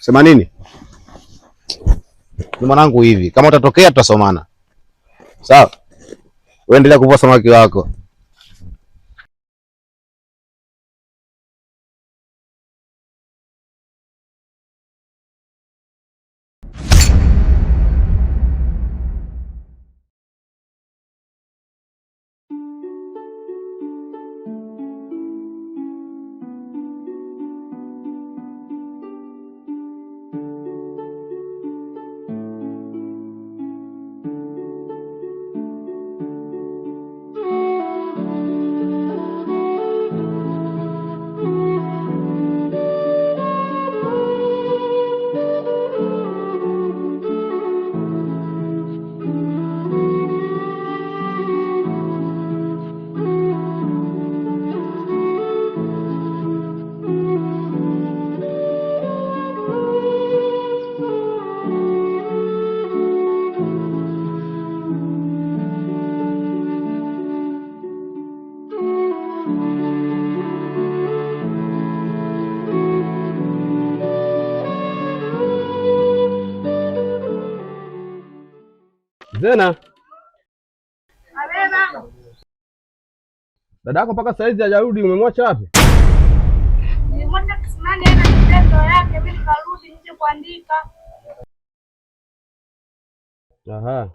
Sema nini? Ni mwanangu hivi, kama utatokea tutasomana. Sawa? Uendelea kuvua samaki wako. Zena, dada yako mpaka saizi hajarudi, umemwacha wapi? Nilimwacha kisimani na mimi nje kuandika. Aha.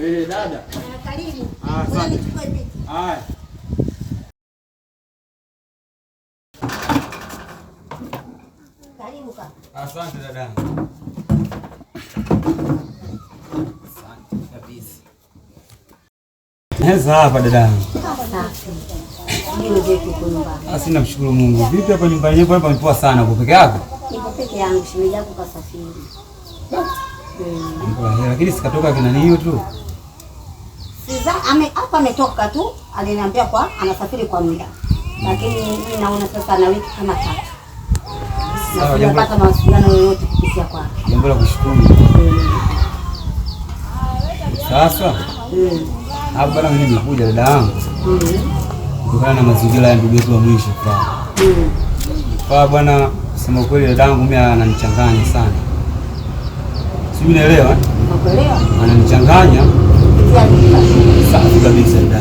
Eh, dada. Karibu. Ah, asante. Haya. Karibu kaka. Asante dada. Asante kabisa. hapa dada. Asi namshukuru ah, Mungu. Vipi hapa nyumbani yako hapa mpoa sana kwa peke yako? Niko peke yangu, shimili yako kasafiri. Lakini sikatoka kina nini tu ame hapa ametoka tu, aliniambia kwa anasafiri kwa muda, lakini mimi naona sasa na wiki kama tatu ah, sijapata mawasiliano yoyote kupitia kwake. Jambo la kushukuru sasa hapo bana, mimi nimekuja dada yangu kutokana na mazingira ya ndugu yetu wa mwisho kwa bwana. Sema kweli, dada yangu mimi ananichanganya sana, sijui unaelewa, ananichanganya Safi kabisa da.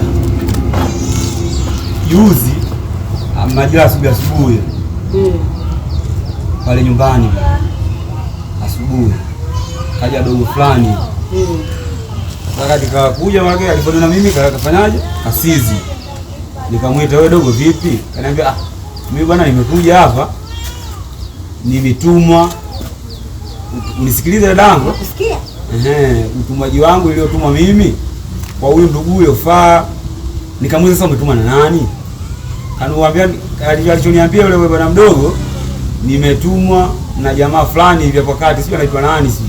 Juzi ah, majira asubuhi asubuhi pale nyumbani, asubuhi kaja dogo fulani saka nikakuja wake aliponiona mimi kafanyaje, kasizi. Nikamwita, wewe dogo, vipi? Kaniambia, ah, mimi bwana nimekuja hapa nimetumwa unisikilize dadangu ehe, utumaji wangu niliotumwa mimi kwa huyu ndugu faa. Nikamuuliza sasa, umetumwa na nani? Kaniambia, alichoniambia yule bwana mdogo, nimetumwa na jamaa fulani hivi hapo kati, sio anaitwa nani, sio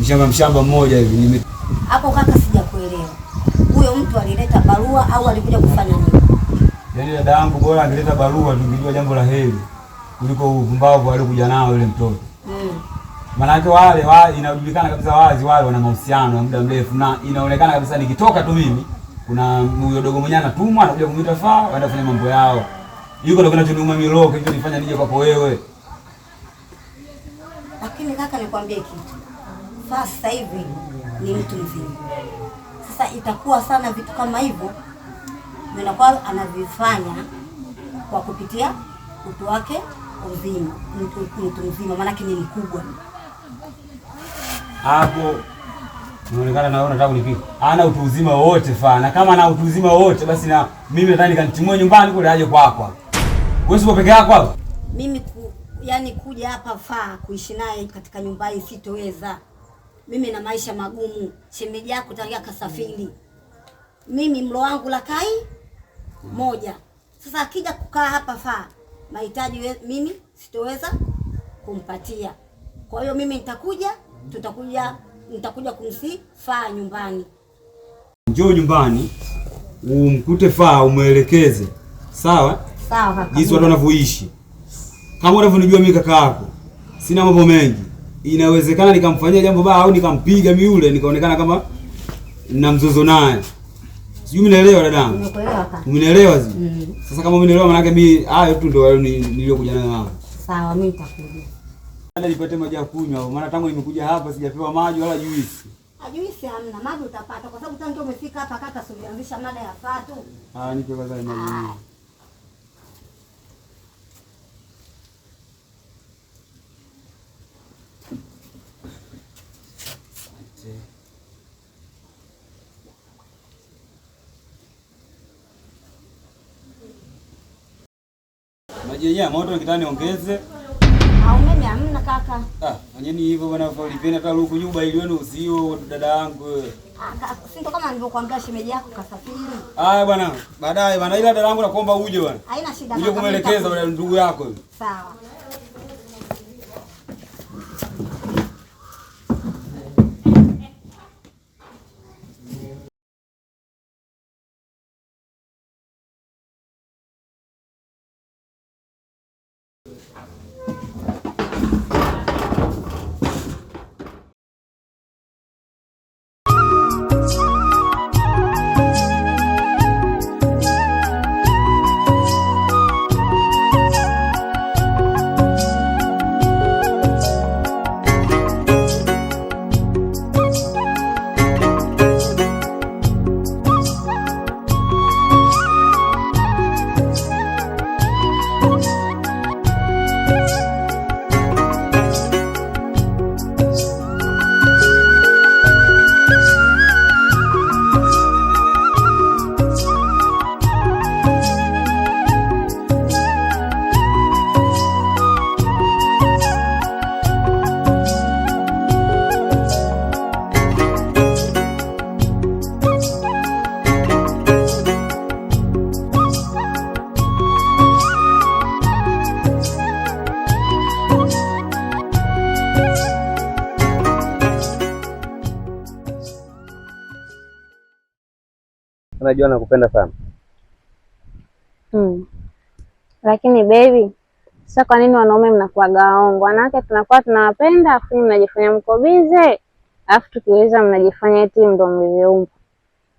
mshamba mshamba mmoja hivi. Nime hapo kaka, sijakuelewa huyo mtu alileta barua au alikuja kufanya nini? Yaani dada yangu bora angeleta barua, tungejua jambo la heri kuliko upumbavu alikuja nao yule mtoto. Maanake wale wa inajulikana kabisa wazi wale wana mahusiano muda mrefu, na inaonekana kabisa nikitoka tu mimi kuna huyo dogo mwenyewe anatumwa anakuja kumuita faa, waenda kufanya mambo yao. Yuko ndio kinachoniuma mimi roho, kitu nifanya nije kwako wewe. Lakini kaka, nikwambie kitu. Faa sasa hivi ni mtu mzima. Sasa itakuwa sana vitu kama hivyo vinakuwa anavifanya kwa kupitia utu wake uzima, mtu mzima, maanake ni mkubwa hapo unaonekana na wewe unataka kunipika. Ana utu uzima wote fana. Kama ana utu uzima wote basi na mimi nataka kanitimue nyumbani kule aje kwako. hapo. Wewe usipo peke yako hapo. Mimi ku, yani kuja hapa faa kuishi naye katika nyumba hii sitoweza. Mimi na maisha magumu. Shemeji yako tangia kasafiri. Mimi mlo wangu la kai moja. Sasa akija kukaa hapa faa mahitaji mimi sitoweza kumpatia. Kwa hiyo mimi nitakuja tutakuja nitakuja kumsi faa nyumbani. Njoo nyumbani umkute faa, umwelekeze sawa sawa, jinsi watu wanavyoishi. Kama unavyonijua mimi kaka yako, sina mambo mengi, inawezekana nikamfanyia jambo baya au nikampiga mimi yule nikaonekana kama na mzozo naye, sijui mnaelewa dadangu? Nimekuelewa kaka, umenielewa zi mm. Sasa kama umenielewa, maana yake mimi hayo tu ndio niliyokuja nayo. Sawa, mimi nitakuja nipate maji ya kunywa, maana tangu nimekuja hapa sijapewa maji wala juisi. Ah, juisi hamna, maji utapata kwa sababu tangu umefika hapa kaka, sulianzisha mada ya fatu. Ah, nipe kwanza maji. Maji yenyewe moto, nikitaka niongeze kaka. Ah, anyeni hivyo bwana Floribena hata huko nyumba ili wenu usio dada yangu wewe. Ah, sio kama nilivyokuambia shemeji yako kasafiri. Ah, bwana, baadaye bwana ila dada yangu nakuomba uje bwana. Haina shida. Uje kumuelekeza ndugu yako. Sawa. najua nakupenda sana hmm. Lakini baby, sasa kwa nini wanaume mnakuwa waongo? Wanawake tunakuwa tunawapenda, afu mnajifanya mko bize, afu tukiweza mnajifanya eti ndo mlivyoumba.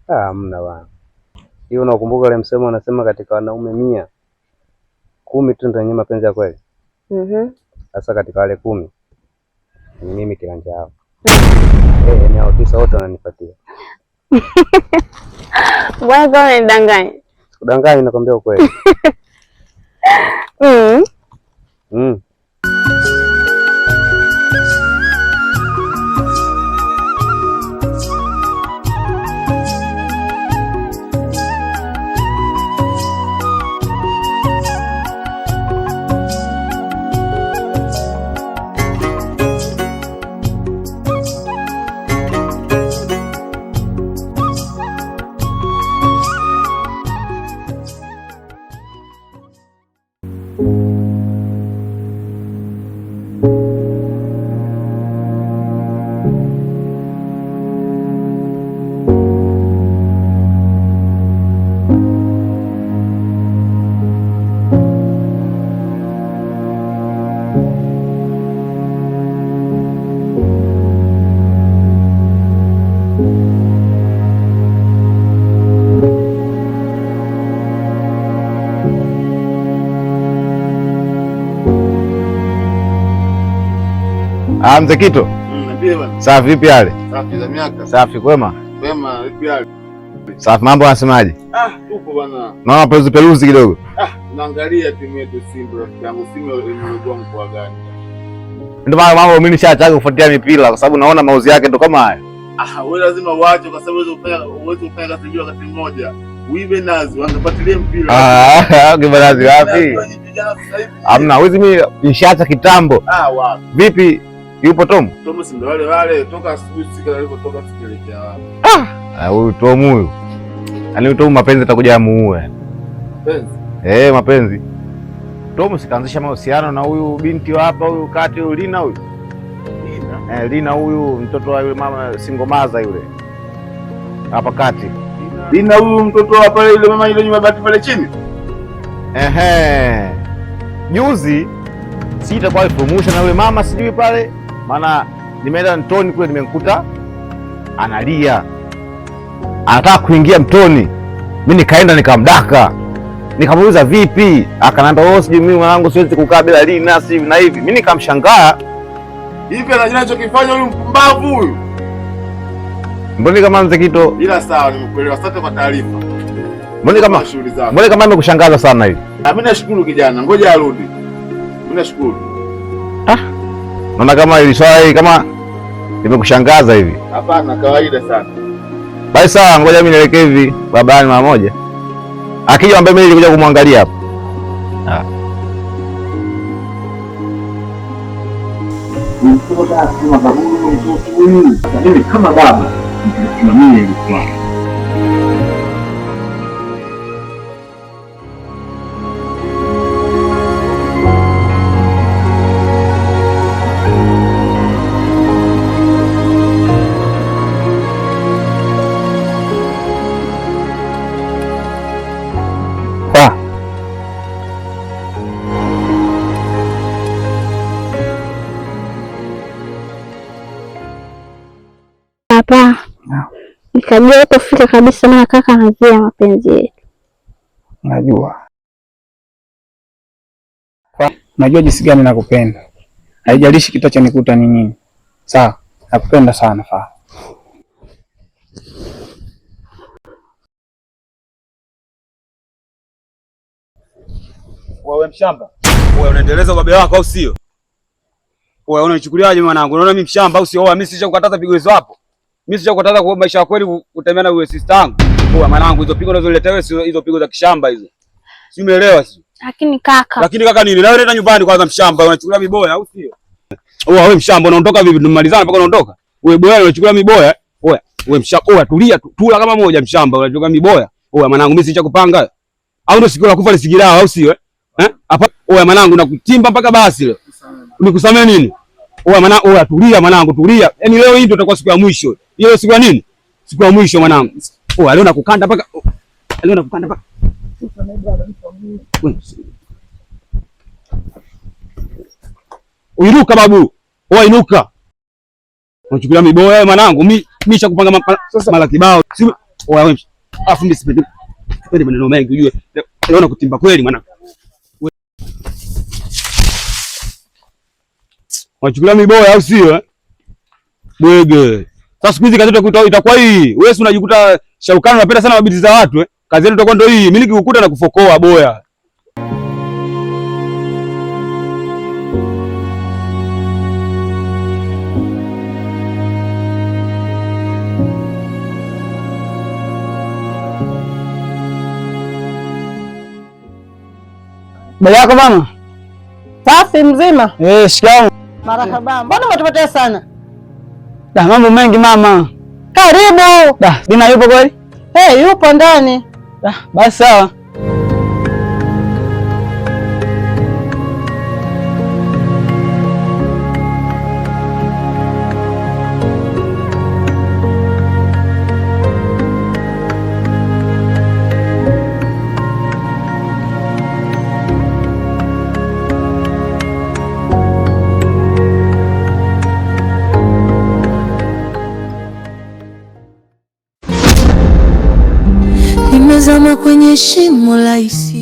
Ah, hamna bwana, hiyo unakumbuka ile msemo anasema katika wanaume mia kumi tu ndio wenye mapenzi ya kweli. Mhm. Sasa katika wale kumi ni mimi kiranja yao. Eh, ni hao tisa wote wananifuatia. Mbona kama unanidanganya? Sikudanganya, nakwambia ukweli. mm. Mm. Ah, mzee Kito. Mm, safi vipi yale? Safi za miaka. Safi kwema? Kwema vipi yale? Safi mambo anasemaje? Ah, tupo bwana. Naona peruzi peruzi kidogo. Ah, naangalia timu yetu Simba rafiki yangu, Simba imekuwa mkoa gani? Ndio maana mambo mimi nishataka kufuatia mipira kwa sababu naona mauzi yake ndo kama haya. Ah, wewe lazima uache kwa sababu uweze kufanya uweze kufanya kazi hiyo wakati mmoja. Uibe nazi, wanafuatilia mpira. Ah, uibe nazi wapi? Hamna, wewe mimi nishaacha kitambo. Ah, wapi? Vipi Yupo Tom? Tom si ndo wale wale toka asubuhi sika alipotoka sikielekea wapi? Ah, huyu Tom huyu. Yaani huyu Tom mapenzi atakuja amuue. Mapenzi? Eh, mapenzi. Tom sikaanzisha mahusiano na huyu binti wa hapa huyu kati huyu Lina huyu. Lina. Eh, Lina huyu mtoto wa yule mama single mother yule. Hapa kati. Lina huyu mtoto wa pale yule mama yule nyumba bati pale chini. Ehe. Juzi sitakuwa promotion na yule mama sijui pale maana nimeenda mtoni kule nimemkuta analia, anataka kuingia mtoni. Mi nikaenda nikamdaka, nikamuuliza vipi, akaniambia wewe, oh, sijui mimi mwanangu siwezi kukaa bila Lina, si hivi na hivi. Mi nikamshangaa, hivi anajua anachokifanya huyu mpumbavu huyu. Mbona kama mzee Kito, ila sawa, nimekuelewa. Asante kwa taarifa. Mbona kama mbona kama nimekushangaza sana hivi. Mimi nashukuru kijana, ngoja arudi. Mimi nashukuru ah Naona kama hili swali kama limekushangaza hivi. Hapana, kawaida sana. Basi sawa, ngoja mimi nielekee hivi barabarani mara moja. Akija ambaye mimi nilikuja kumwangalia hapo. Ah. Mimi kama baba nitasimamia hili swali. hapa? Hapa nikajua utafika kabisa, maana kaka anajua mapenzi yetu. Najua, najua jinsi gani nakupenda, haijalishi kitachanikuta ni nini. Sawa, nakupenda sana Faa. wewe mshamba. Wewe unaendeleza ubabe wako au sio? Wewe unachukuliaje mwanangu? Unaona mimi mshamba au sio? Wewe mimi sija kukataza pigo hizo hapo. Mimi sija kukataza kwa maisha ya kweli kutembea na wewe sister yangu. Wewe mwanangu, hizo pigo unazoniletea wewe hizo pigo za kishamba hizo. Si umeelewa sio? Lakini kaka. Lakini kaka nini? Na wewe nenda nyumbani kwanza mshamba, unachukulia miboya au sio? Wewe wewe mshamba unaondoka vipi? Tumalizana mpaka unaondoka. Wewe boya unachukulia miboya. Wewe wewe mshamba, wewe tulia tu. Tula kama moja mshamba, unachukulia miboya. Wewe mwanangu, mimi sija kupanga. Au ndio sikio la kufa ni sigirao au sio? Eh? Eh? Hapa oya mwanangu nakutimba mpaka basi leo. Nikusamee nini? Oya mwanangu, oya tulia mwanangu, tulia. Yaani leo hii ndio itakuwa siku ya mwisho. Ile siku ya nini? Siku ya mwisho mwanangu. Oya leo nakukanda mpaka oh, leo nakukanda mpaka. Uinuka babu. Oya inuka. Unachukulia miboya mwanangu, mimi mimi shakupanga mara kibao. Oya wewe. Afu mimi sipendi. Sipendi maneno mengi ujue. Leo nakutimba kweli mwanangu. Unachukulia miboya au sio? Eh? Bwege. Sasa siku hizi kazi yetu itakuwa hii. Wewe si unajikuta shaukana unapenda sana mabiti za watu eh? Kazi yetu itakuwa ndio hii. Mimi nikikukuta na kufokoa boya. Baba yako bana? Safi mzima. Eh, shikamoo. Marahaba. Mbona umetupotea sana? Da, mambo mengi mama. Karibu. Da, Bina yupo kweli? Eh, hey, yupo ndani. Da, basi sawa. kwenye shimo la hisia.